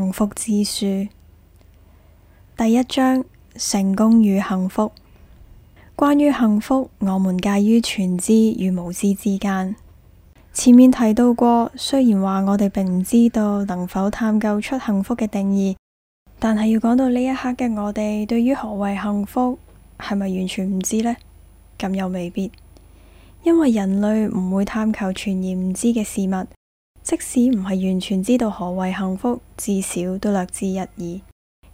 幸福之書第一章：成功與幸福。關於幸福，我們介於全知與無知之間。前面提到過，雖然話我哋並唔知道能否探究出幸福嘅定義，但係要講到呢一刻嘅我哋，對於何為幸福，係咪完全唔知呢？咁又未必，因為人類唔會探求全然唔知嘅事物。即使唔係完全知道何謂幸福，至少都略知一二。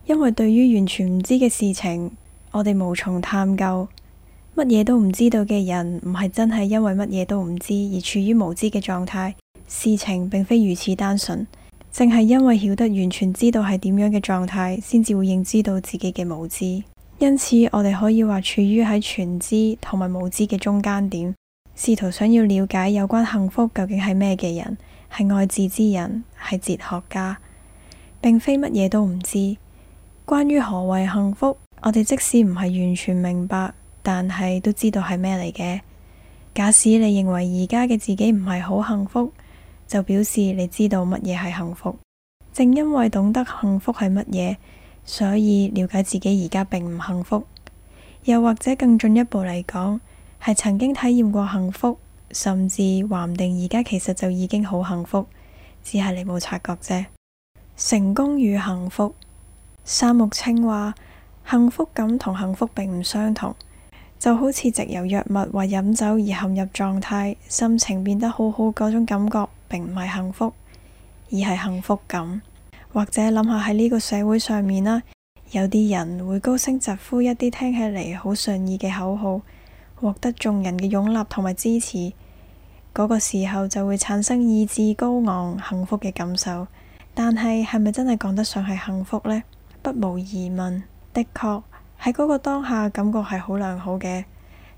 因為對於完全唔知嘅事情，我哋無從探究。乜嘢都唔知道嘅人，唔係真係因為乜嘢都唔知而處於無知嘅狀態。事情並非如此單純，正係因為曉得完全知道係點樣嘅狀態，先至會認知到自己嘅無知。因此，我哋可以話處於喺全知同埋無知嘅中間點，試圖想要了解有關幸福究竟係咩嘅人。係愛智之人，係哲學家，並非乜嘢都唔知。關於何謂幸福，我哋即使唔係完全明白，但係都知道係咩嚟嘅。假使你認為而家嘅自己唔係好幸福，就表示你知道乜嘢係幸福。正因為懂得幸福係乜嘢，所以了解自己而家並唔幸福。又或者更進一步嚟講，係曾經體驗過幸福。甚至話唔定而家其實就已經好幸福，只係你冇察覺啫。成功與幸福，三木清話：幸福感同幸福並唔相同，就好似藉由藥物或飲酒而陷入狀態，心情變得好好嗰種感覺，並唔係幸福，而係幸福感。或者諗下喺呢個社會上面啦，有啲人會高聲疾呼一啲聽起嚟好順耳嘅口號。獲得眾人嘅擁立同埋支持，嗰個時候就會產生意志高昂、幸福嘅感受。但係係咪真係講得上係幸福呢？不無疑問，的確喺嗰個當下感覺係好良好嘅。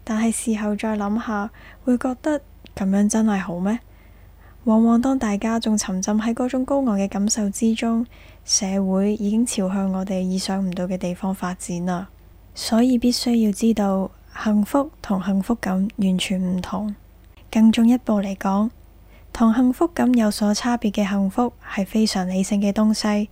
但係事後再諗下，會覺得咁樣真係好咩？往往當大家仲沉浸喺嗰種高昂嘅感受之中，社會已經朝向我哋意想唔到嘅地方發展啦。所以必須要知道。幸福同幸福感完全唔同，更進一步嚟講，同幸福感有所差別嘅幸福係非常理性嘅東西。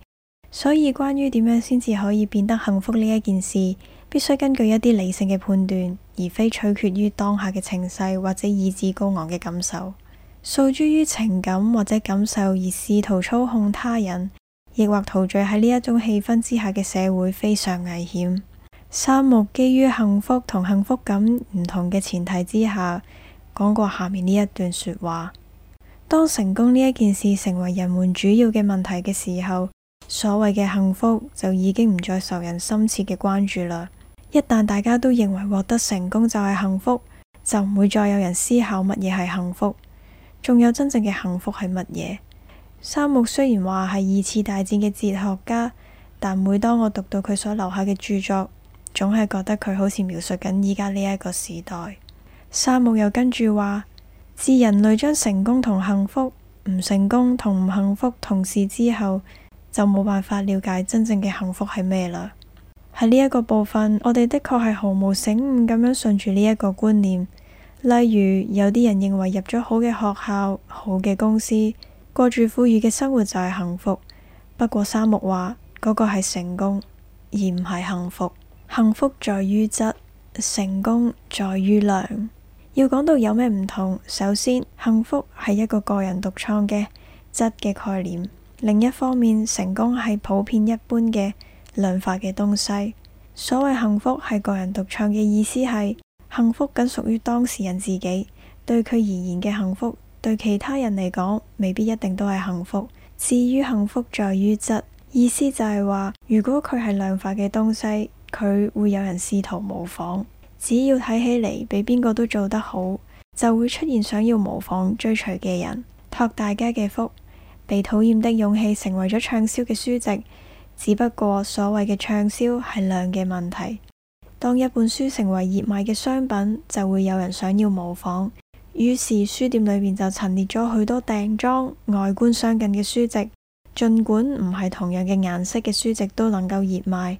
所以關於點樣先至可以變得幸福呢一件事，必須根據一啲理性嘅判斷，而非取決於當下嘅情勢或者意志高昂嘅感受。訴諸於情感或者感受而試圖操控他人，抑或陶醉喺呢一種氣氛之下嘅社會非常危險。三木基於幸福同幸福感唔同嘅前提之下，講過下面呢一段說話：當成功呢一件事成為人們主要嘅問題嘅時候，所謂嘅幸福就已經唔再受人深切嘅關注啦。一旦大家都認為獲得成功就係幸福，就唔會再有人思考乜嘢係幸福，仲有真正嘅幸福係乜嘢。三木雖然話係二次大戰嘅哲學家，但每當我讀到佢所留下嘅著作，總係覺得佢好似描述緊依家呢一個時代。三木又跟住話，自人類將成功同幸福，唔成功同唔幸福，同時之後就冇辦法了解真正嘅幸福係咩啦。喺呢一個部分，我哋的確係毫無醒悟咁樣順住呢一個觀念。例如有啲人認為入咗好嘅學校、好嘅公司，過住富裕嘅生活就係幸福。不過三木話嗰個係成功而唔係幸福。幸福在於質，成功在於量。要講到有咩唔同，首先，幸福係一個個人獨創嘅質嘅概念；另一方面，成功係普遍一般嘅量化嘅東西。所謂幸福係個人獨創嘅意思係，幸福僅屬於當事人自己，對佢而言嘅幸福，對其他人嚟講未必一定都係幸福。至於幸福在於質，意思就係話，如果佢係量化嘅東西。佢會有人試圖模仿，只要睇起嚟比邊個都做得好，就會出現想要模仿，追隨嘅人。託大家嘅福，被討厭的勇氣成為咗暢銷嘅書籍。只不過所謂嘅暢銷係量嘅問題。當一本書成為熱賣嘅商品，就會有人想要模仿，於是書店裏面就陳列咗許多訂裝、外觀相近嘅書籍。儘管唔係同樣嘅顏色嘅書籍都能夠熱賣。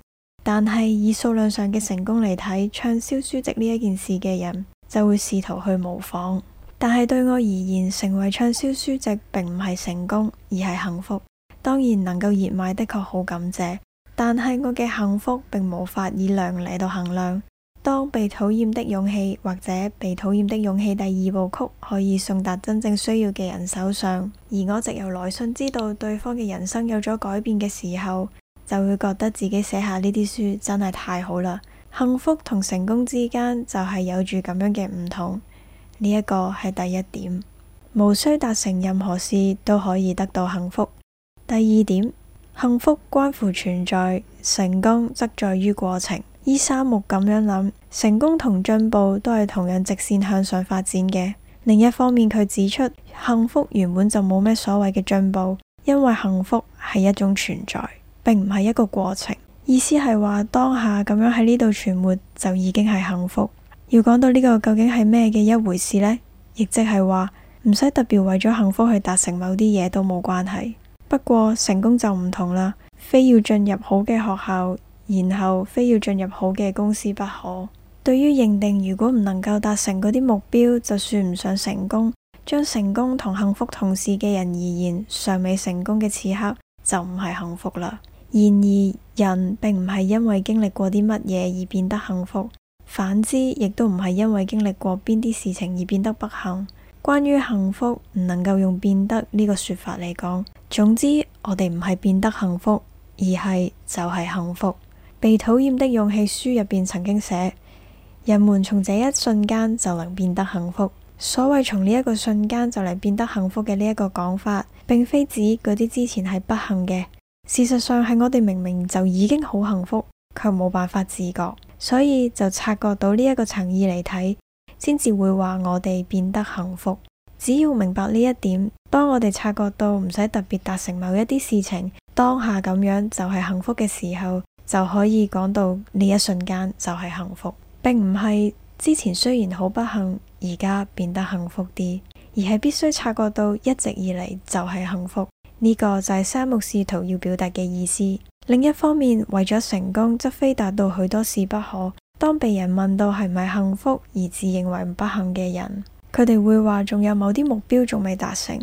但係以數量上嘅成功嚟睇暢銷書籍呢一件事嘅人，就會試圖去模仿。但係對我而言，成為暢銷書籍並唔係成功，而係幸福。當然能夠熱賣的確好感謝，但係我嘅幸福並無法以量嚟到衡量。當被討厭的勇氣或者被討厭的勇氣第二部曲可以送達真正需要嘅人手上，而我藉由來信知道對方嘅人生有咗改變嘅時候。就會覺得自己寫下呢啲書真係太好啦！幸福同成功之間就係有住咁樣嘅唔同，呢一個係第一點，無需達成任何事都可以得到幸福。第二點，幸福關乎存在，成功則在於過程。伊沙木咁樣諗，成功同進步都係同樣直綫向上發展嘅。另一方面，佢指出幸福原本就冇咩所謂嘅進步，因為幸福係一種存在。並唔係一個過程，意思係話當下咁樣喺呢度存活就已經係幸福。要講到呢個究竟係咩嘅一回事呢？亦即係話唔使特別為咗幸福去達成某啲嘢都冇關係。不過成功就唔同啦，非要進入好嘅學校，然後非要進入好嘅公司不可。對於認定如果唔能夠達成嗰啲目標，就算唔上成功，將成功同幸福同視嘅人而言，尚未成功嘅此刻就唔係幸福啦。然而，人並唔係因為經歷過啲乜嘢而變得幸福，反之亦都唔係因為經歷過邊啲事情而變得不幸。關於幸福，唔能夠用變得呢個說法嚟講。總之，我哋唔係變得幸福，而係就係幸福。被討厭的勇氣書入邊曾經寫：人們從這一瞬間就能變得幸福。所謂從呢一個瞬間就嚟變得幸福嘅呢一個講法，並非指嗰啲之前係不幸嘅。事實上係我哋明明就已經好幸福，卻冇辦法自覺，所以就察覺到呢一個層意嚟睇，先至會話我哋變得幸福。只要明白呢一點，當我哋察覺到唔使特別達成某一啲事情，當下咁樣就係幸福嘅時候，就可以講到呢一瞬間就係幸福。並唔係之前雖然好不幸，而家變得幸福啲，而係必須察覺到一直以嚟就係幸福。呢個就係三木試圖要表達嘅意思。另一方面，為咗成功，則非達到許多事不可。當被人問到係咪幸福而自認為不幸嘅人，佢哋會話仲有某啲目標仲未達成。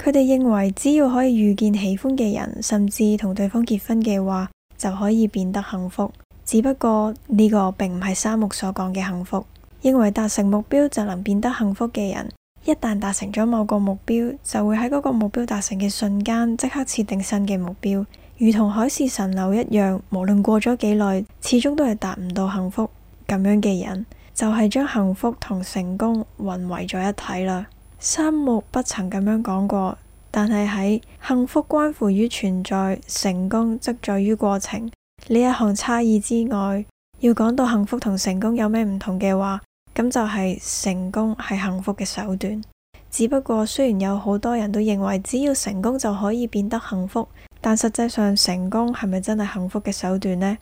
佢哋認為只要可以遇見喜歡嘅人，甚至同對方結婚嘅話，就可以變得幸福。只不過呢個並唔係三木所講嘅幸福，認為達成目標就能變得幸福嘅人。一旦達成咗某個目標，就會喺嗰個目標達成嘅瞬間，即刻設定新嘅目標，如同海市蜃樓一樣。無論過咗幾耐，始終都係達唔到幸福咁樣嘅人，就係、是、將幸福同成功混為咗一體啦。三木不曾咁樣講過，但係喺幸福關乎於存在，成功則在於過程呢一項差異之外，要講到幸福同成功有咩唔同嘅話？咁就係成功係幸福嘅手段。只不過雖然有好多人都認為只要成功就可以變得幸福，但實際上成功係咪真係幸福嘅手段呢？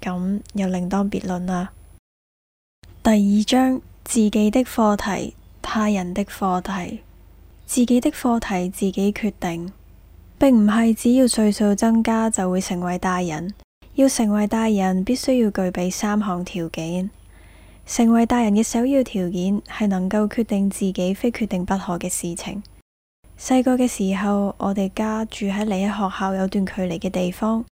咁又另當別論啦。第二章：自己的課題、他人的課題。自己的課題自己決定，並唔係只要歲數增加就會成為大人。要成為大人，必須要具備三項條件。成為大人嘅首要條件係能夠決定自己非決定不可嘅事情。細個嘅時候，我哋家住喺離學校有段距離嘅地方，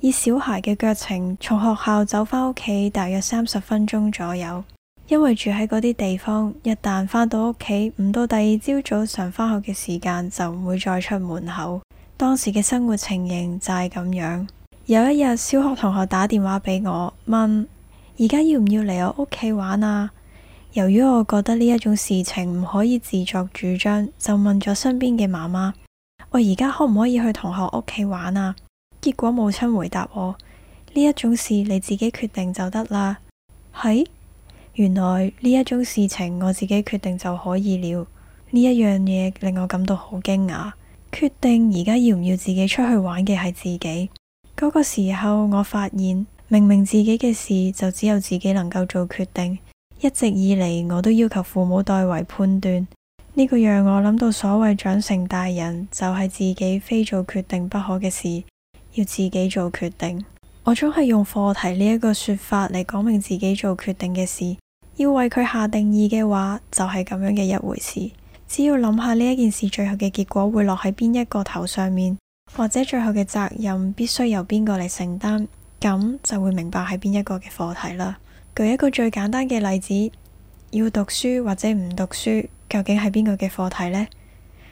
以小孩嘅腳程從學校走返屋企大約三十分鐘左右。因為住喺嗰啲地方，一旦返到屋企，唔到第二朝早上返學嘅時間就唔會再出門口。當時嘅生活情形就係咁樣。有一日，小學同學打電話俾我問而家要唔要嚟我屋企玩啊？由於我覺得呢一種事情唔可以自作主張，就問咗身邊嘅媽媽：我而家可唔可以去同學屋企玩啊？結果母親回答我：呢一種事你自己決定就得啦。係，原來呢一種事情我自己決定就可以了。呢一樣嘢令我感到好驚訝。決定而家要唔要自己出去玩嘅係自己。嗰、那個時候我發現。明明自己嘅事就只有自己能夠做決定，一直以嚟我都要求父母代為判斷。呢、這個讓我諗到所謂長成大人就係、是、自己非做決定不可嘅事，要自己做決定。我總係用課題呢一個說法嚟講明自己做決定嘅事，要為佢下定義嘅話就係、是、咁樣嘅一回事。只要諗下呢一件事最後嘅結果會落喺邊一個頭上面，或者最後嘅責任必須由邊個嚟承擔。咁就會明白係邊一個嘅課題啦。舉一個最簡單嘅例子，要讀書或者唔讀書，究竟係邊個嘅課題呢？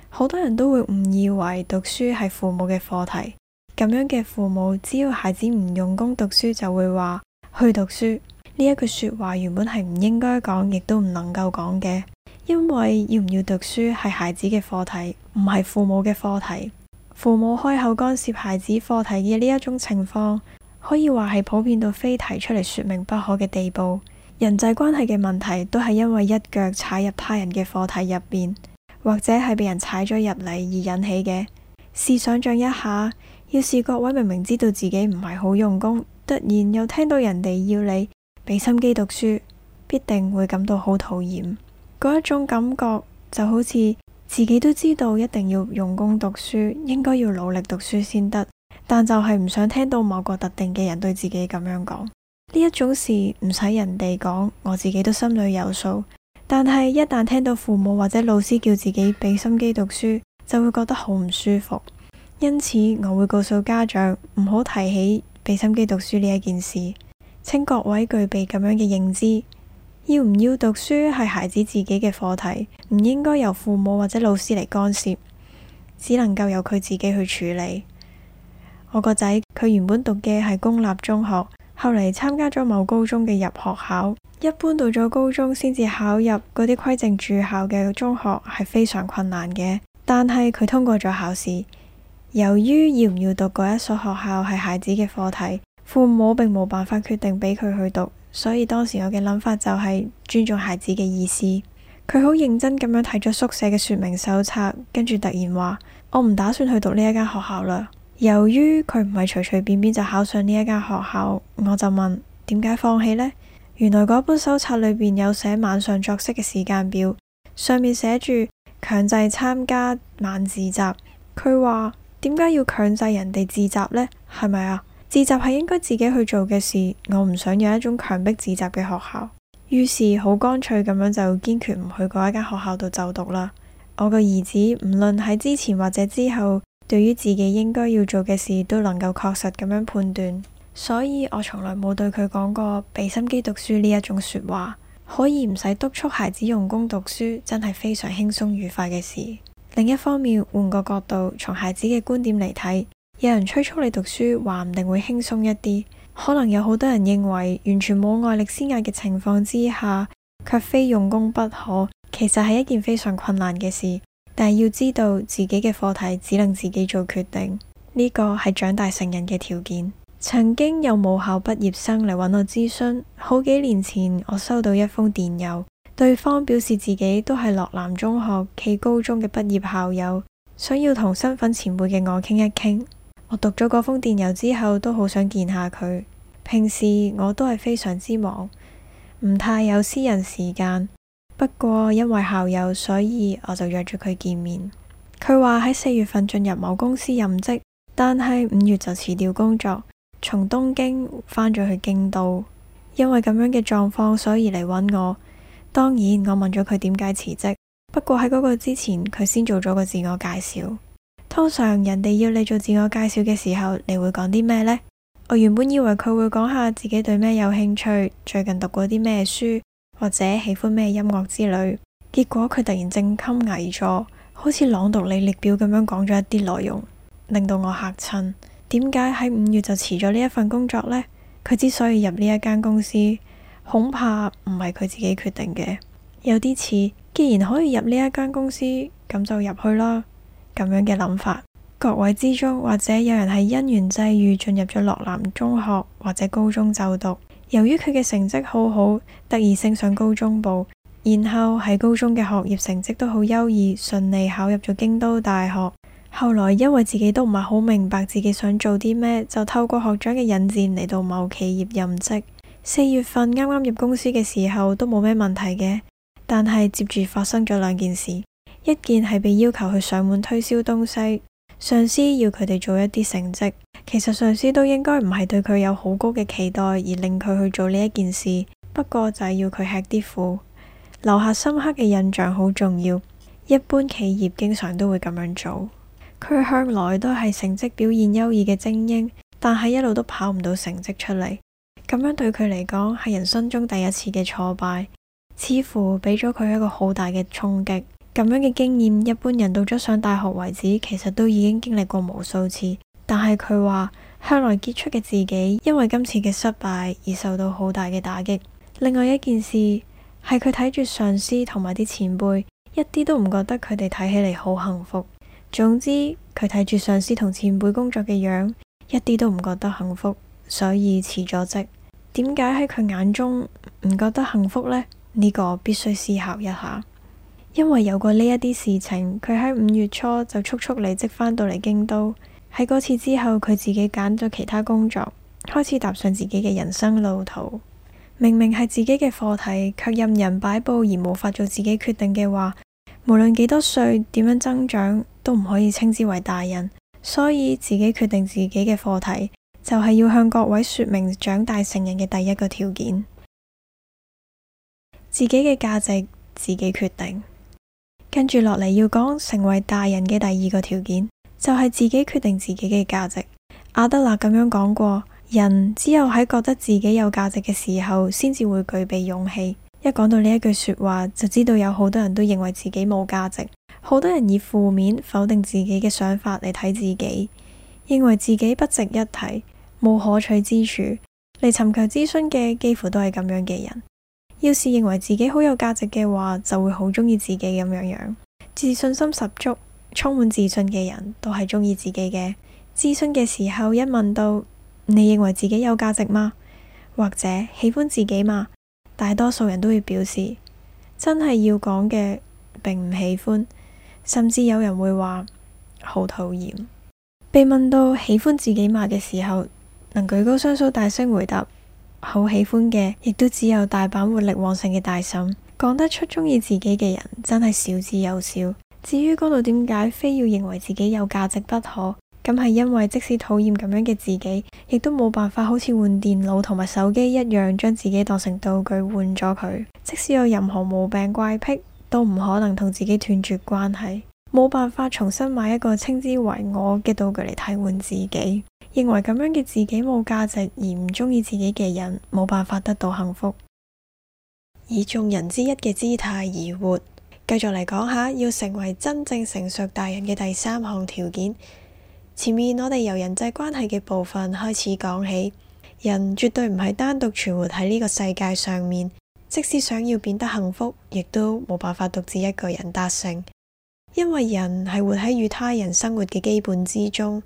好多人都會誤以為讀書係父母嘅課題，咁樣嘅父母只要孩子唔用功讀書，就會話去讀書。呢一句說話原本係唔應該講，亦都唔能夠講嘅，因為要唔要讀書係孩子嘅課題，唔係父母嘅課題。父母開口干涉孩子課題嘅呢一種情況，可以話係普遍到非提出嚟說明不可嘅地步。人際關係嘅問題都係因為一腳踩入他人嘅課題入邊，或者係被人踩咗入嚟而引起嘅。試想象一下，要是各位明明知道自己唔係好用功，突然又聽到人哋要你俾心機讀書，必定會感到好討厭。嗰一種感覺就好似自己都知道一定要用功讀書，應該要努力讀書先得。但就係唔想聽到某個特定嘅人對自己咁樣講，呢一種事唔使人哋講，我自己都心裏有數。但係一旦聽到父母或者老師叫自己俾心機讀書，就會覺得好唔舒服。因此我會告訴家長唔好提起俾心機讀書呢一件事，請各位具備咁樣嘅認知。要唔要讀書係孩子自己嘅課題，唔應該由父母或者老師嚟干涉，只能夠由佢自己去處理。我個仔佢原本讀嘅係公立中學，後嚟參加咗某高中嘅入學考。一般到咗高中先至考入嗰啲規定住校嘅中學係非常困難嘅。但係佢通過咗考試，由於要唔要讀嗰一所學校係孩子嘅課題，父母並冇辦法決定俾佢去讀，所以當時我嘅諗法就係尊重孩子嘅意思。佢好認真咁樣睇咗宿舍嘅說明手冊，跟住突然話：我唔打算去讀呢一間學校啦。由於佢唔係隨隨便便就考上呢一間學校，我就問，點解放棄呢？原來嗰本手冊裏邊有寫晚上作息嘅時間表，上面寫住強制參加晚自習。佢話，點解要強制人哋自習呢？係咪啊？自習係應該自己去做嘅事，我唔想有一種強迫自習嘅學校。於是好乾脆咁樣就堅決唔去嗰一間學校度就讀啦。我個兒子唔論喺之前或者之後。對於自己應該要做嘅事都能夠確實咁樣判斷，所以我從來冇對佢講過俾心機讀書呢一種說話，可以唔使督促孩子用功讀書，真係非常輕鬆愉快嘅事。另一方面，換個角度，從孩子嘅觀點嚟睇，有人催促你讀書，話唔定會輕鬆一啲。可能有好多人認為完全冇外力施壓嘅情況之下，卻非用功不可，其實係一件非常困難嘅事。但要知道自己嘅課題只能自己做決定，呢個係長大成人嘅條件。曾經有母校畢業生嚟揾我諮詢，好幾年前我收到一封電郵，對方表示自己都係洛南中學暨高中嘅畢業校友，想要同身份前輩嘅我傾一傾。我讀咗嗰封電郵之後，都好想見下佢。平時我都係非常之忙，唔太有私人時間。不過因為校友，所以我就約住佢見面。佢話喺四月份進入某公司任職，但係五月就辭掉工作，從東京返咗去京都。因為咁樣嘅狀況，所以嚟搵我。當然，我問咗佢點解辭職。不過喺嗰個之前，佢先做咗個自我介紹。通常人哋要你做自我介紹嘅時候，你會講啲咩呢？我原本以為佢會講下自己對咩有興趣，最近讀過啲咩書。或者喜歡咩音樂之類，結果佢突然正襟危坐，好似朗讀履歷表咁樣講咗一啲內容，令到我嚇親。點解喺五月就辭咗呢一份工作呢？佢之所以入呢一間公司，恐怕唔係佢自己決定嘅，有啲似既然可以入呢一間公司，咁就入去啦咁樣嘅諗法。各位之中，或者有人係因緣際遇進入咗洛南中學或者高中就讀。由於佢嘅成績好好，突然升上高中部，然後喺高中嘅學業成績都好優異，順利考入咗京都大學。後來因為自己都唔係好明白自己想做啲咩，就透過學長嘅引薦嚟到某企業任職。四月份啱啱入公司嘅時候都冇咩問題嘅，但係接住發生咗兩件事，一件係被要求去上門推銷東西。上司要佢哋做一啲成績，其實上司都應該唔係對佢有好高嘅期待而令佢去做呢一件事，不過就係要佢吃啲苦，留下深刻嘅印象好重要。一般企業經常都會咁樣做。佢向來都係成績表現優異嘅精英，但係一路都跑唔到成績出嚟，咁樣對佢嚟講，係人生中第一次嘅挫敗，似乎俾咗佢一個好大嘅衝擊。咁樣嘅經驗，一般人到咗上大學為止，其實都已經經歷過無數次。但係佢話向來傑出嘅自己，因為今次嘅失敗而受到好大嘅打擊。另外一件事係佢睇住上司同埋啲前輩，一啲都唔覺得佢哋睇起嚟好幸福。總之，佢睇住上司同前輩工作嘅樣，一啲都唔覺得幸福，所以辭咗職。點解喺佢眼中唔覺得幸福呢？呢個必須思考一下。因為有過呢一啲事情，佢喺五月初就速速離職返到嚟京都。喺嗰次之後，佢自己揀咗其他工作，開始踏上自己嘅人生路途。明明係自己嘅課題，卻任人擺布而無法做自己決定嘅話，無論幾多歲，點樣增長，都唔可以稱之為大人。所以，自己決定自己嘅課題，就係要向各位說明長大成人嘅第一個條件：自己嘅價值自己決定。跟住落嚟要講成為大人嘅第二個條件，就係自己決定自己嘅價值。阿德勒咁樣講過，人只有喺覺得自己有價值嘅時候，先至會具備勇氣。一講到呢一句說話，就知道有好多人都認為自己冇價值，好多人以負面否定自己嘅想法嚟睇自己，認為自己不值一提，冇可取之處。嚟尋求諮詢嘅幾乎都係咁樣嘅人。要是認為自己好有價值嘅話，就會好鍾意自己咁樣樣，自信心十足、充滿自信嘅人都係鍾意自己嘅。諮詢嘅時候一問到你認為自己有價值嗎？或者喜歡自己嗎？大多數人都會表示真係要講嘅並唔喜歡，甚至有人會話好討厭。被問到喜歡自己嗎嘅時候，能舉高雙手大聲回答。好喜歡嘅，亦都只有大阪活力旺盛嘅大嬸講得出鍾意自己嘅人，真係少之又少。至於嗰度點解非要認為自己有價值不可，咁係因為即使討厭咁樣嘅自己，亦都冇辦法好似換電腦同埋手機一樣，將自己當成道具換咗佢。即使有任何毛病怪癖，都唔可能同自己斷絕關係，冇辦法重新買一個稱之為我嘅道具嚟替換自己。認為咁樣嘅自己冇價值而唔鍾意自己嘅人，冇辦法得到幸福，以眾人之一嘅姿態而活。繼續嚟講下，要成為真正成熟大人嘅第三項條件。前面我哋由人際關係嘅部分開始講起，人絕對唔係單獨存活喺呢個世界上面。即使想要變得幸福，亦都冇辦法獨自一個人達成，因為人係活喺與他人生活嘅基本之中。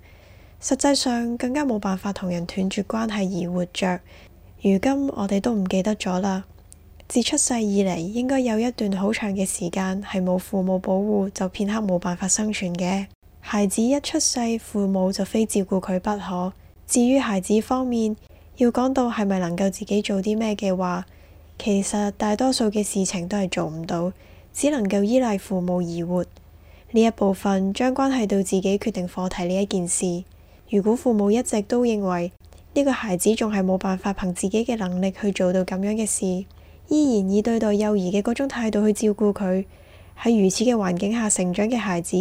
實際上更加冇辦法同人斷絕關係而活着。如今我哋都唔記得咗啦。自出世以嚟，應該有一段好長嘅時間係冇父母保護就片刻冇辦法生存嘅。孩子一出世，父母就非照顧佢不可。至於孩子方面，要講到係咪能夠自己做啲咩嘅話，其實大多數嘅事情都係做唔到，只能夠依賴父母而活。呢一部分將關係到自己決定課題呢一件事。如果父母一直都認為呢個孩子仲係冇辦法憑自己嘅能力去做到咁樣嘅事，依然以對待幼兒嘅嗰種態度去照顧佢，喺如此嘅環境下成長嘅孩子，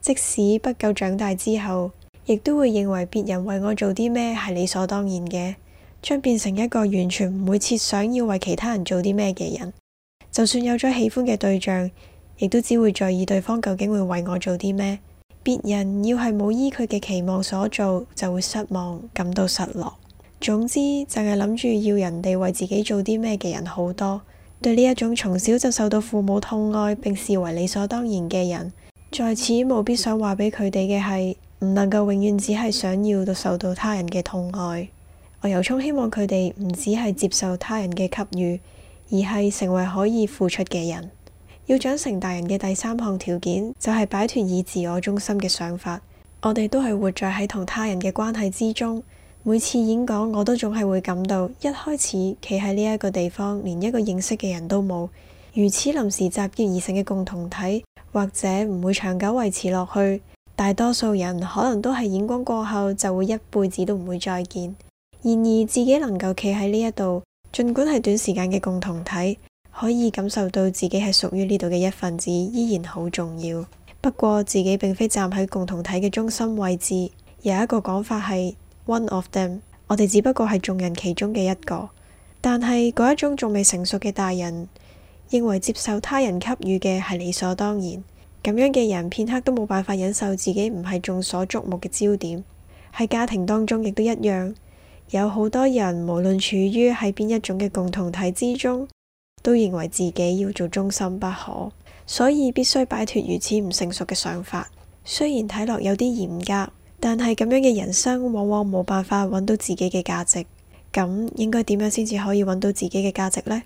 即使不夠長大之後，亦都會認為別人為我做啲咩係理所當然嘅，將變成一個完全唔會設想要為其他人做啲咩嘅人。就算有咗喜歡嘅對象，亦都只會在意對方究竟會為我做啲咩。別人要係冇依佢嘅期望所做，就會失望，感到失落。總之，淨係諗住要人哋為自己做啲咩嘅人好多。對呢一種從小就受到父母痛愛並視為理所當然嘅人，在此務必想話俾佢哋嘅係，唔能夠永遠只係想要到受到他人嘅痛愛。我由衷希望佢哋唔只係接受他人嘅給予，而係成為可以付出嘅人。要長成大人嘅第三項條件，就係擺脫以自我中心嘅想法。我哋都係活在喺同他人嘅關係之中。每次演講，我都總係會感到，一開始企喺呢一個地方，連一個認識嘅人都冇。如此臨時集結而成嘅共同體，或者唔會長久維持落去，大多數人可能都係演講過後，就會一輩子都唔會再見。然而，自己能夠企喺呢一度，盡管係短時間嘅共同體。可以感受到自己係屬於呢度嘅一份子，依然好重要。不過自己並非站喺共同體嘅中心位置。有一個講法係 One of them，我哋只不過係眾人其中嘅一個。但係嗰一種仲未成熟嘅大人，認為接受他人給予嘅係理所當然。咁樣嘅人片刻都冇辦法忍受自己唔係眾所矚目嘅焦點。喺家庭當中亦都一樣，有好多人無論處於喺邊一種嘅共同體之中。都認為自己要做中心不可，所以必須擺脱如此唔成熟嘅想法。雖然睇落有啲嚴格，但係咁樣嘅人生往往冇辦法揾到自己嘅價值。咁應該點樣先至可以揾到自己嘅價值呢？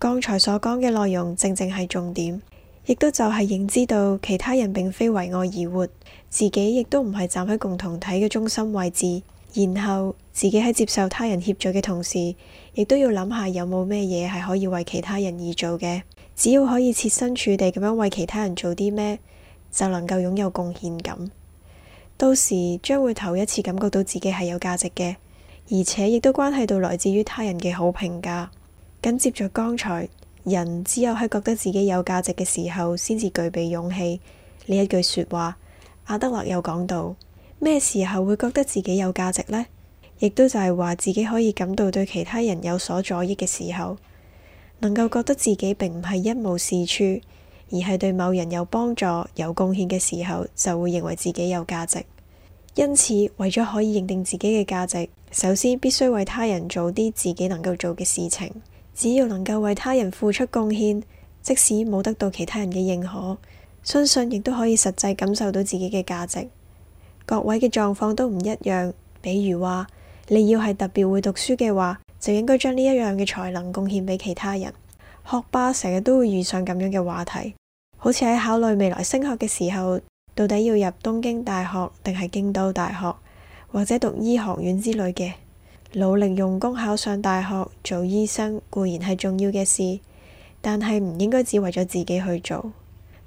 剛才所講嘅內容正正係重點，亦都就係認知到其他人並非為我而活，自己亦都唔係站喺共同體嘅中心位置。然後自己喺接受他人協助嘅同時，亦都要諗下有冇咩嘢係可以為其他人而做嘅。只要可以設身處地咁樣為其他人做啲咩，就能夠擁有貢獻感。到時將會頭一次感覺到自己係有價值嘅，而且亦都關係到來自於他人嘅好評價。緊接住剛才，人只有喺覺得自己有價值嘅時候，先至具備勇氣呢一句說話，阿德勒又講到。咩時候會覺得自己有價值呢？亦都就係話自己可以感到對其他人有所助益嘅時候，能夠覺得自己並唔係一無是處，而係對某人有幫助、有貢獻嘅時候，就會認為自己有價值。因此，為咗可以認定自己嘅價值，首先必須為他人做啲自己能夠做嘅事情。只要能夠為他人付出貢獻，即使冇得到其他人嘅認可，相信亦都可以實際感受到自己嘅價值。各位嘅狀況都唔一樣，比如話你要係特別會讀書嘅話，就應該將呢一樣嘅才能貢獻俾其他人。學霸成日都會遇上咁樣嘅話題，好似喺考慮未來升學嘅時候，到底要入東京大學定係京都大學，或者讀醫學院之類嘅。努力用功考上大學做醫生固然係重要嘅事，但係唔應該只為咗自己去做。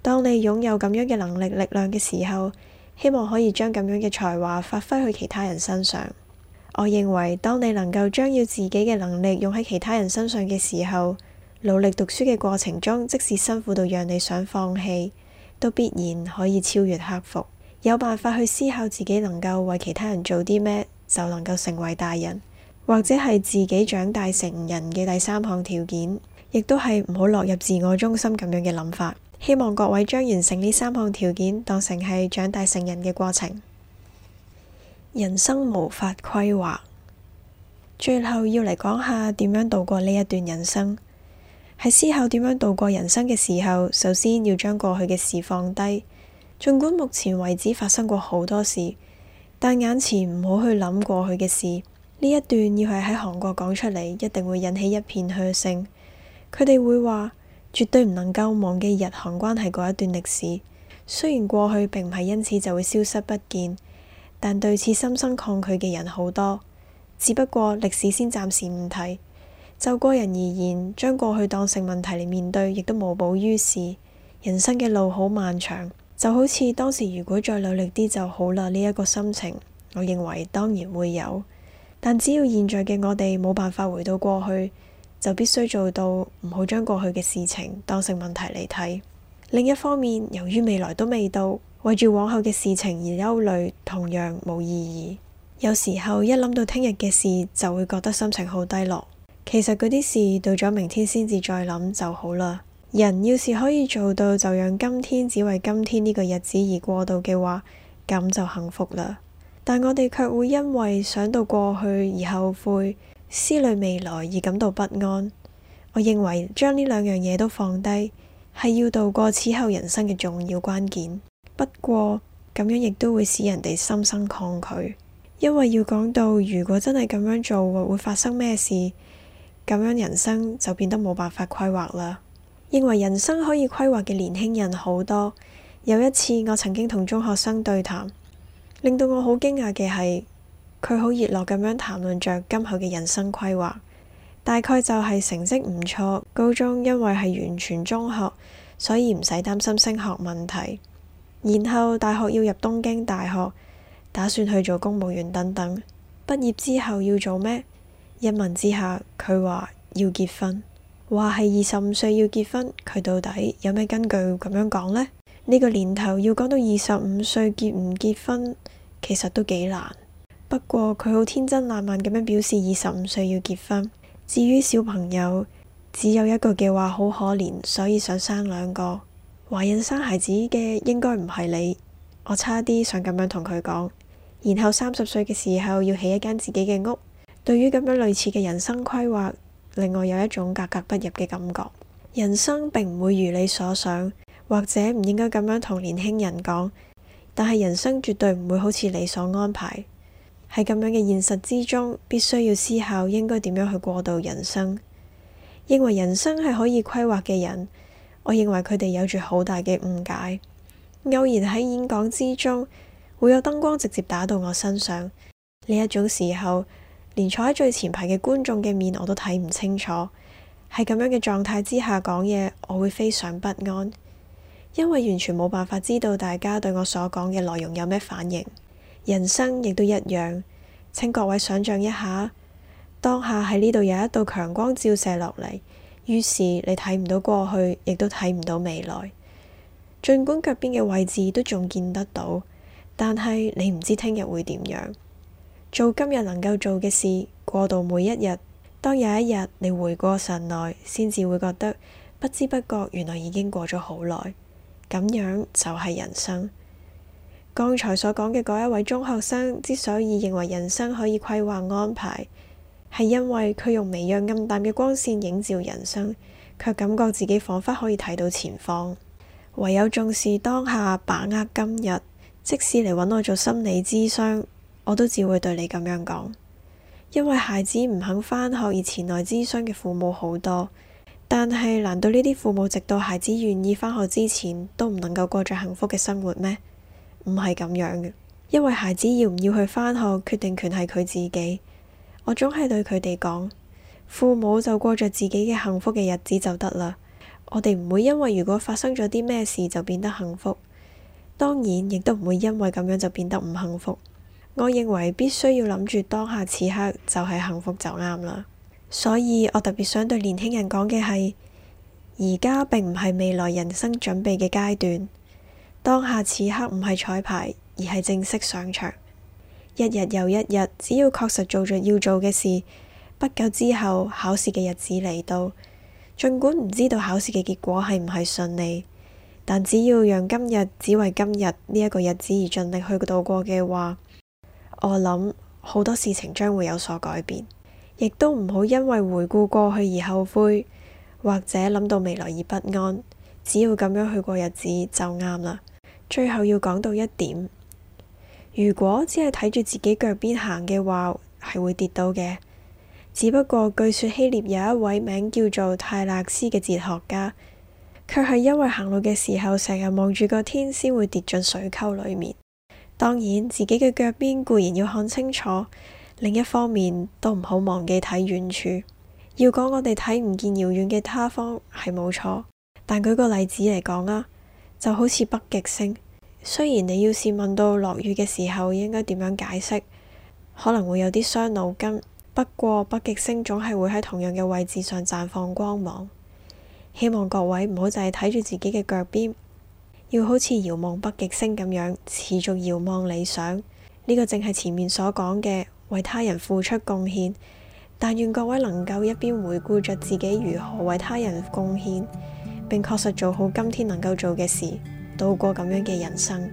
當你擁有咁樣嘅能力力量嘅時候，希望可以將咁樣嘅才華發揮去其他人身上。我認為，當你能夠將要自己嘅能力用喺其他人身上嘅時候，努力讀書嘅過程中，即使辛苦到讓你想放棄，都必然可以超越克服。有辦法去思考自己能夠為其他人做啲咩，就能夠成為大人，或者係自己長大成人嘅第三項條件，亦都係唔好落入自我中心咁樣嘅諗法。希望各位將完成呢三項條件當成係長大成人嘅過程。人生無法規劃。最後要嚟講下點樣度過呢一段人生。喺思考點樣度過人生嘅時候，首先要將過去嘅事放低。盡管目前為止發生過好多事，但眼前唔好去諗過去嘅事。呢一段要係喺韓國講出嚟，一定會引起一片嘘聲。佢哋會話。絕對唔能夠忘記日韓關係嗰一段歷史，雖然過去並唔係因此就會消失不見，但對此深深抗拒嘅人好多。只不過歷史先暫時唔提，就個人而言，將過去當成問題嚟面對，亦都無補於事。人生嘅路好漫長，就好似當時如果再努力啲就好啦。呢一個心情，我認為當然會有，但只要現在嘅我哋冇辦法回到過去。就必須做到唔好將過去嘅事情當成問題嚟睇。另一方面，由於未來都未到，為住往後嘅事情而憂慮同樣冇意義。有時候一諗到聽日嘅事，就會覺得心情好低落。其實嗰啲事到咗明天先至再諗就好啦。人要是可以做到，就讓今天只為今天呢個日子而過度嘅話，咁就幸福啦。但我哋卻會因為想到過去而後悔。思慮未來而感到不安，我認為將呢兩樣嘢都放低，係要度過此後人生嘅重要關鍵。不過咁樣亦都會使人哋心生抗拒，因為要講到如果真係咁樣做，會發生咩事？咁樣人生就變得冇辦法規劃啦。認為人生可以規劃嘅年輕人好多。有一次我曾經同中學生對談，令到我好驚訝嘅係。佢好熱絡咁樣談論着今後嘅人生規劃，大概就係成績唔錯，高中因為係完全中學，所以唔使擔心升學問題。然後大學要入東京大學，打算去做公務員等等。畢業之後要做咩？一問之下，佢話要結婚，話係二十五歲要結婚。佢到底有咩根據咁樣講呢？呢、呢個年頭要講到二十五歲結唔結婚，其實都幾難。不過佢好天真爛漫咁樣表示，二十五歲要結婚。至於小朋友只有一個嘅話，好可憐，所以想生兩個。懷孕生孩子嘅應該唔係你，我差啲想咁樣同佢講。然後三十歲嘅時候要起一間自己嘅屋。對於咁樣類似嘅人生規劃，令我有一種格格不入嘅感覺。人生並唔會如你所想，或者唔應該咁樣同年輕人講。但係人生絕對唔會好似你所安排。喺咁樣嘅現實之中，必須要思考應該點樣去過渡人生。認為人生係可以規劃嘅人，我認為佢哋有住好大嘅誤解。偶然喺演講之中，會有燈光直接打到我身上，呢一種時候，連坐喺最前排嘅觀眾嘅面我都睇唔清楚。喺咁樣嘅狀態之下講嘢，我會非常不安，因為完全冇辦法知道大家對我所講嘅內容有咩反應。人生亦都一樣，請各位想象一下，當下喺呢度有一道強光照射落嚟，於是你睇唔到過去，亦都睇唔到未來。盡管腳邊嘅位置都仲見得到，但係你唔知聽日會點樣，做今日能夠做嘅事，過到每一日。當有一日你回過神來，先至會覺得不知不覺，原來已經過咗好耐。咁樣就係人生。剛才所講嘅嗰一位中學生，之所以認為人生可以規劃安排，係因為佢用微弱暗淡嘅光線映照人生，卻感覺自己仿佛可以睇到前方。唯有重視當下，把握今日。即使嚟揾我做心理諮詢，我都只會對你咁樣講。因為孩子唔肯返學而前來諮詢嘅父母好多，但係難道呢啲父母直到孩子願意返學之前，都唔能夠過着幸福嘅生活咩？唔係咁樣嘅，因為孩子要唔要去翻學，決定權係佢自己。我總係對佢哋講，父母就過着自己嘅幸福嘅日子就得啦。我哋唔會因為如果發生咗啲咩事就變得幸福，當然亦都唔會因為咁樣就變得唔幸福。我認為必須要諗住當下此刻就係幸福就啱啦。所以我特別想對年輕人講嘅係，而家並唔係未來人生準備嘅階段。當下此刻唔係彩排，而係正式上場。一日又一日，只要確實做著要做嘅事，不久之後考試嘅日子嚟到，盡管唔知道考試嘅結果係唔係順利，但只要讓今日只為今日呢一個日子而盡力去度過嘅話，我諗好多事情將會有所改變，亦都唔好因為回顧過去而後悔，或者諗到未來而不安。只要咁樣去過日子，就啱喇。最後要講到一點，如果只係睇住自己腳邊行嘅話，係會跌到嘅。只不過據說希臘有一位名叫做泰勒斯嘅哲學家，卻係因為行路嘅時候成日望住個天，先會跌進水溝裏面。當然，自己嘅腳邊固然要看清楚，另一方面都唔好忘記睇遠處。要講我哋睇唔見遙遠嘅他方係冇錯，但舉個例子嚟講啊。就好似北極星，雖然你要是問到落雨嘅時候應該點樣解釋，可能會有啲傷腦筋。不過北極星總係會喺同樣嘅位置上綻放光芒。希望各位唔好就係睇住自己嘅腳邊，要好似遙望北極星咁樣持續遙望理想。呢、這個正係前面所講嘅為他人付出貢獻。但願各位能夠一邊回顧着自己如何為他人貢獻，並確實做好今天能夠做嘅事，度過咁樣嘅人生。